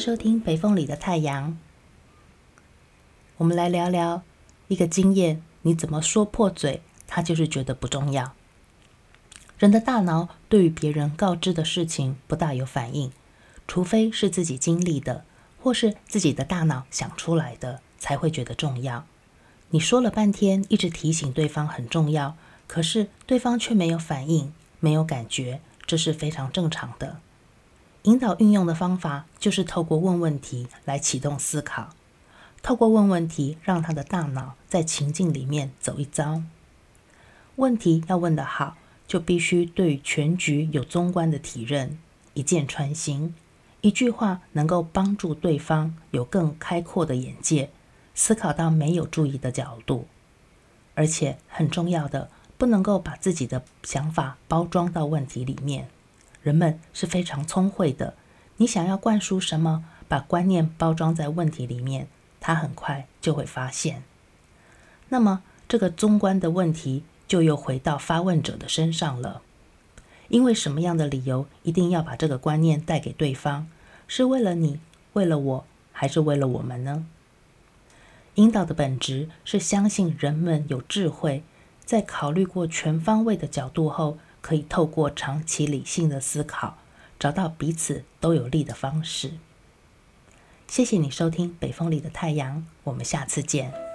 收聽北風裡的太陽。我們來聊聊一個經驗：你怎麼說破嘴，他就是覺得不重要。人的大腦對於別人告知的事情不大有反應，除非是自己經歷的，或是自己的大腦想出來的，才會覺得重要。你說了半天，一直提醒對方很重要，可是對方卻沒有反應，沒有感覺，這是非常正常的。引導運用的方法，就是透過問問題來啟動思考，透過問問題讓他的大腦在情境裡面走一遭。問題要問得好，就必須對全局有綜觀的體認，一劍穿心，一句話能夠幫助對方，有更開闊的眼界，思考到沒有注意的角度。而且很重要的，不能夠把自己的想法包裝到問題裡面。人們是非常聰慧的，你想要灌輸什麼，把觀念包裝在問題裡面，他很快就會發現。那麼，這個綜觀的問題就又回到發問者的身上了，因為什麼樣的理由一定要把這個觀念帶給對方，是為了你，為了我，還是為了我們呢？引導的本質是相信人們有智慧，在考慮過全方位的角度後。可以透過長期理性的思考，找到彼此都有利的方式。謝謝你收聽《北風裡的太陽》，我們下次見。